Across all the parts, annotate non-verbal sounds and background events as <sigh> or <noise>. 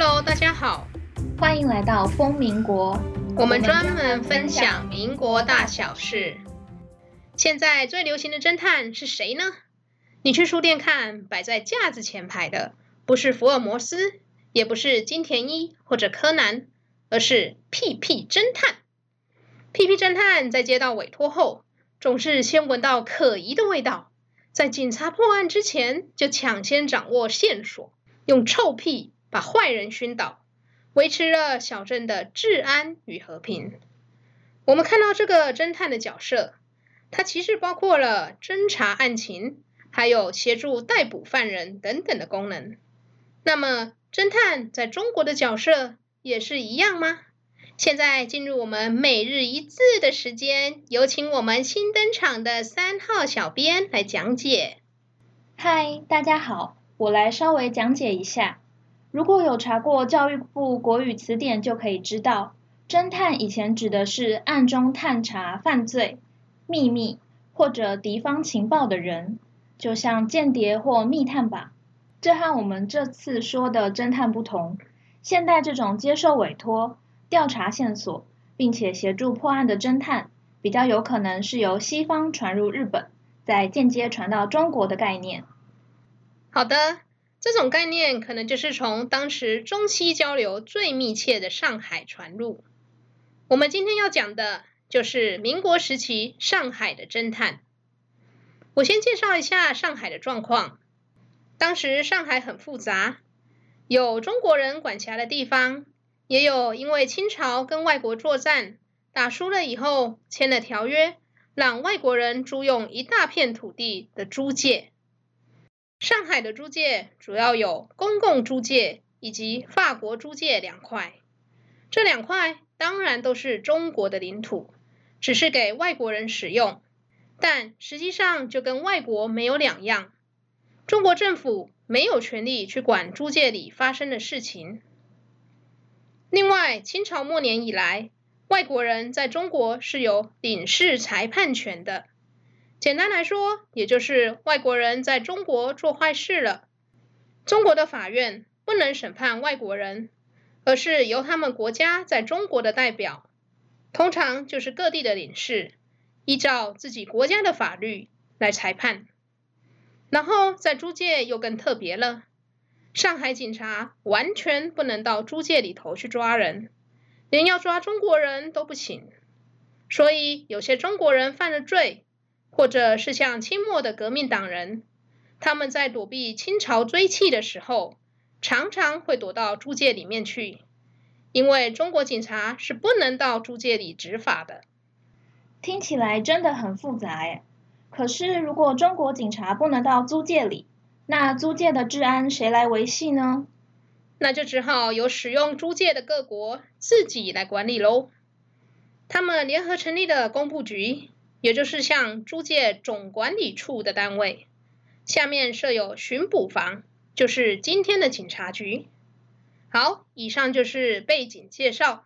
Hello，大家好，歡迎來到瘋民國。我們專門分享民國大小事。 <noise> 現在最流行的偵探是誰呢？你去書店看，擺在架子前排的，不是福爾摩斯，也不是金田一或者柯南，而是屁屁偵探。屁屁偵探在接到委托後，總是先聞到可疑的味道，在警察破案之前就搶先掌握線索，用臭屁。把壞人熏倒，維持了小鎮的治安與和平。我們看到這個偵探的角色，它其實包括了偵查案情，還有協助逮捕犯人等等的功能。那麼，偵探在中國的角色也是一樣嗎？現在進入我們每日一字的時間，有請我們新登場的三號小編來講解。嗨，大家好，我來稍微講解一下。如果有查過教育部國語詞典，就可以知道，偵探以前指的是暗中探查犯罪、秘密或者敵方情報的人，就像間諜或密探吧。這和我們這次說的偵探不同。現代這種接受委託、調查線索，並且協助破案的偵探，比較有可能是由西方傳入日本，再間接傳到中國的概念。好的。這種概念可能就是從當時中西交流最密切的上海傳入。我們今天要講的就是民國時期上海的偵探。我先介紹一下上海的狀況。當時上海很複雜，有中國人管轄的地方，也有因為清朝跟外國作戰打輸了以後簽了條約，讓外國人租用一大片土地的租界。上海的租界主要有公共租界以及法國租界兩塊，這兩塊當然都是中國的領土，只是給外國人使用，但實際上就跟外國沒有兩樣。中國政府沒有權利去管租界裡發生的事情。另外，清朝末年以來，外國人在中國是有領事裁判權的。簡單來說，也就是外國人，在中國做壞事了，中國的法院不能審判外國人，而是由他們國家在中國的代表，通常就是各地的領事，依照自己國家的法律來裁判。然後在租界又更特別了，上海警察完全不能到租界裡頭去抓人，連要抓中國人都不行。所以有些中國人犯了罪，或者是像清末的革命黨人，他們在躲避清朝追緝的時候，常常會躲到租界裡面去，因為中國警察是不能到租界裡執法的。聽起來真的很複雜耶，可是如果中國警察不能到租界裡，那租界的治安誰來維繫呢？那就只好由使用租界的各國自己來管理嘍，他們聯合成立的工部局。也就是像租界總管理處的單位，下面設有巡捕房，就是今天的警察局。好，以上就是背景介紹，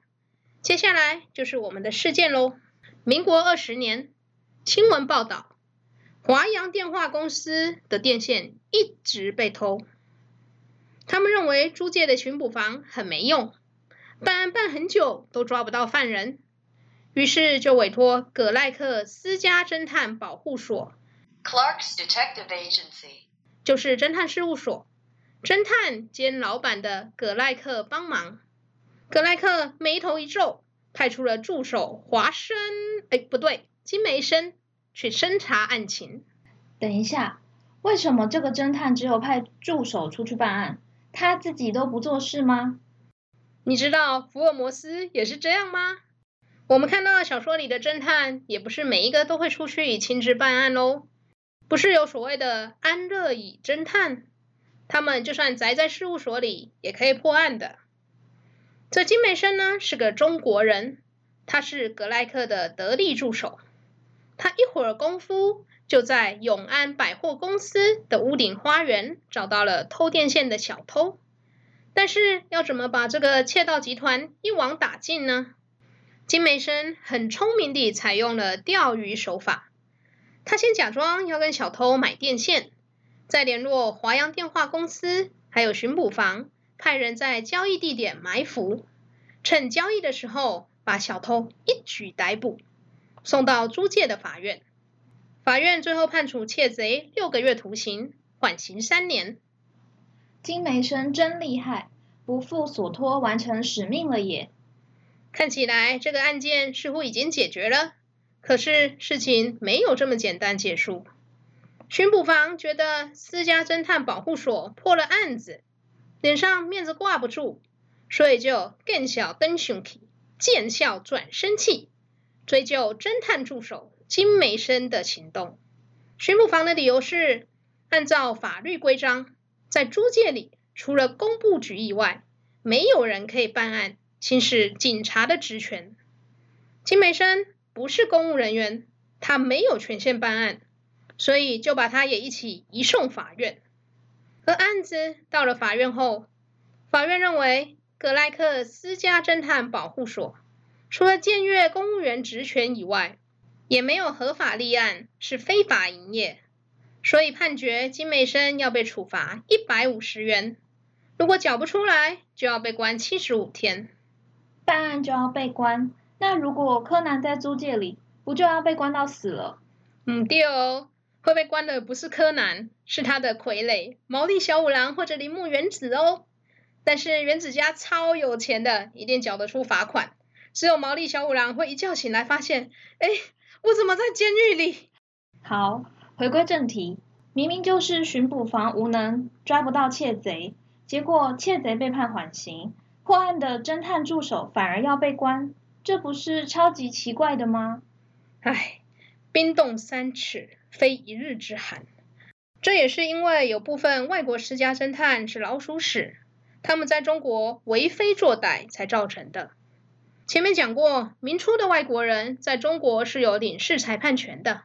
接下來就是我們的事件嘍。民國二十年，新聞報道，華洋電話公司的電線一直被偷，他們認為租界的巡捕房很沒用，辦案辦很久都抓不到犯人。於是就委託葛賴克私家偵探保護所，Clark's Detective Agency，就是偵探事務所，偵探兼老板的葛賴克幫忙。葛賴克眉頭一皺，派出了助手華生，哎，不對，金梅生去偵查案情。等一下，為什麼這個偵探只有派助手出去辦案，他自己都不做事嗎？你知道福爾摩斯也是這樣嗎？我們看到小說裡的偵探，也不是每一個都會出去親自辦案哦，不是有所謂的安樂椅偵探，他們就算宅在事務所裡，也可以破案的。這金梅生呢，是個中國人，他是格萊克的得力助手。他一會兒功夫就在永安百貨公司的屋頂花園找到了偷電線的小偷，但是要怎麼把這個竊盜集團一網打盡呢？金梅生很聰明地採用了釣魚手法，他先假裝要跟小偷買電線，再聯絡華洋電話公司，還有巡捕房，派人在交易地點埋伏，趁交易的時候把小偷一舉逮捕，送到租界的法院。法院最後判處竊賊六個月徒刑，緩刑三年。金梅生真厲害，不負所托，完成使命了也。看起來這個案件似乎已經解決了，可是事情沒有這麼簡單結束。巡捕房覺得私家偵探保護所破了案子，臉上面子掛不住，所以就更小燈雄起，見笑轉生氣，追究偵探助手金梅生的行動。巡捕房的理由是，按照法律規章，在租界裡除了工部局以外，沒有人可以辦案。行使警察的職權，金梅生不是公務人員，他沒有權限辦案，所以就把他也一起移送法院。而案子到了法院後，法院認為葛賴克私家偵探保護所除了僭越公務員職權以外，也沒有合法立案，是非法營業，所以判決金梅生要被處罰一百五十元，如果繳不出來，就要被關七十五天。辦案就要被關，那如果柯南在租界裡，不就要被關到死了？嗯，對哦，會被關的不是柯南，是他的傀儡毛利小五郎或者，鈴木園子哦。但是園子家超有錢的，一定繳得出罰款。只有毛利小五郎會一覺醒來發現，哎，我怎麼在監獄裡？好，回歸正題，明明就是巡捕房無能，抓不到竊賊，結果竊賊被判緩刑。破案的偵探助手反而要被關，這不是超級奇怪的嗎？唉，冰凍三尺非一日之寒。這也是因為有部分外國私家偵探是老鼠屎，他們在中國為非作歹才造成的。前面講過，民初的外國人在中國是有領事裁判權的，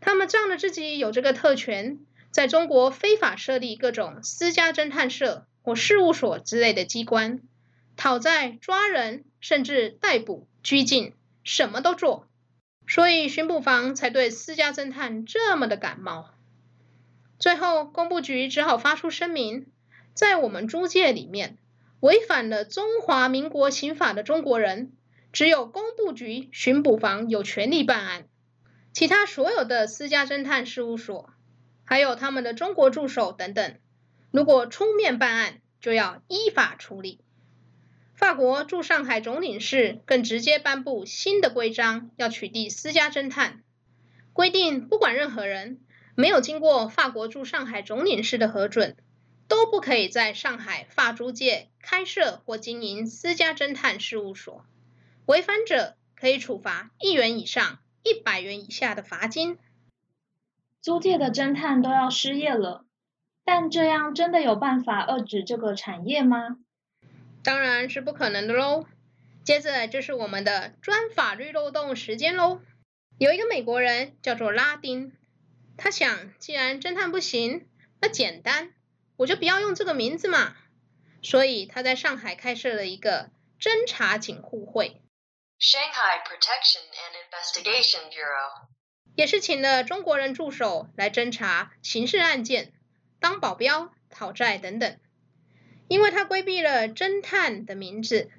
他們仗着自己有這個特權，在中國非法設立各種私家偵探社或事務所之類的機關。討債、抓人，甚至逮捕、拘禁，什麼都做，所以巡捕房才對私家偵探這麼的感冒。最後，工部局只好發出聲明：在我們租界裡面，違反了中華民國刑法的中國人，只有工部局巡捕房有權利辦案，其他所有的私家偵探事務所，還有他們的中國助手等等，如果出面辦案，就要依法處理。法國駐上海總領事更直接頒布新的規章，要取締私家偵探。規定不管任何人，沒有經過法國駐上海總領事的核准，都不可以在上海法租界開設或經營私家偵探事務所。違反者可以處罰一元以上一百元以下的罰金。租界的偵探都要失業了，但這樣真的有辦法遏制這個產業嗎？當然是不可能的嘍。接着就是我們的鑽法律漏洞時間嘍。有一個美國人叫做拉丁，他想，既然偵探不行，那簡單，我就不要用這個名字嘛。所以他在上海開設了一個偵查警護會，Shanghai Protection and Investigation Bureau，也是請了中國人助手來偵查刑事案件、當保鏢、討債等等。因為他規避了偵探的名字，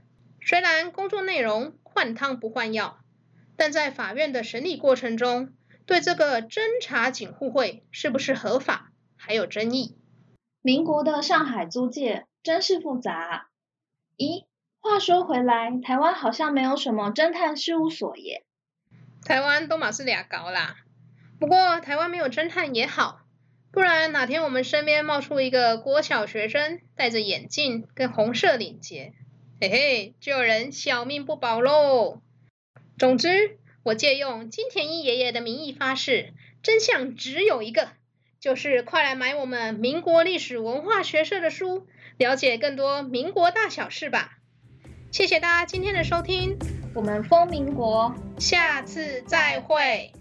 雖然工作內容換湯不換藥，但在法院的審理過程中，對這個偵查警護會是不是合法還有爭議。民國的上海租界真是複雜。咦，話說回來，台灣好像沒有什麼偵探事務所耶。台灣都嘛是掠猴啦，不過台灣沒有偵探也好。不然哪天我們身邊冒出一個國小學生，戴着眼鏡跟紅色領結，嘿嘿，就有人小命不保嘍。總之，我借用金田一爺爺的名義發誓，真相只有一個，就是快來買我們民國歷史文化學社的書，了解更多民國大小事吧。謝謝大家今天的收聽，我們瘋民國，下次再會。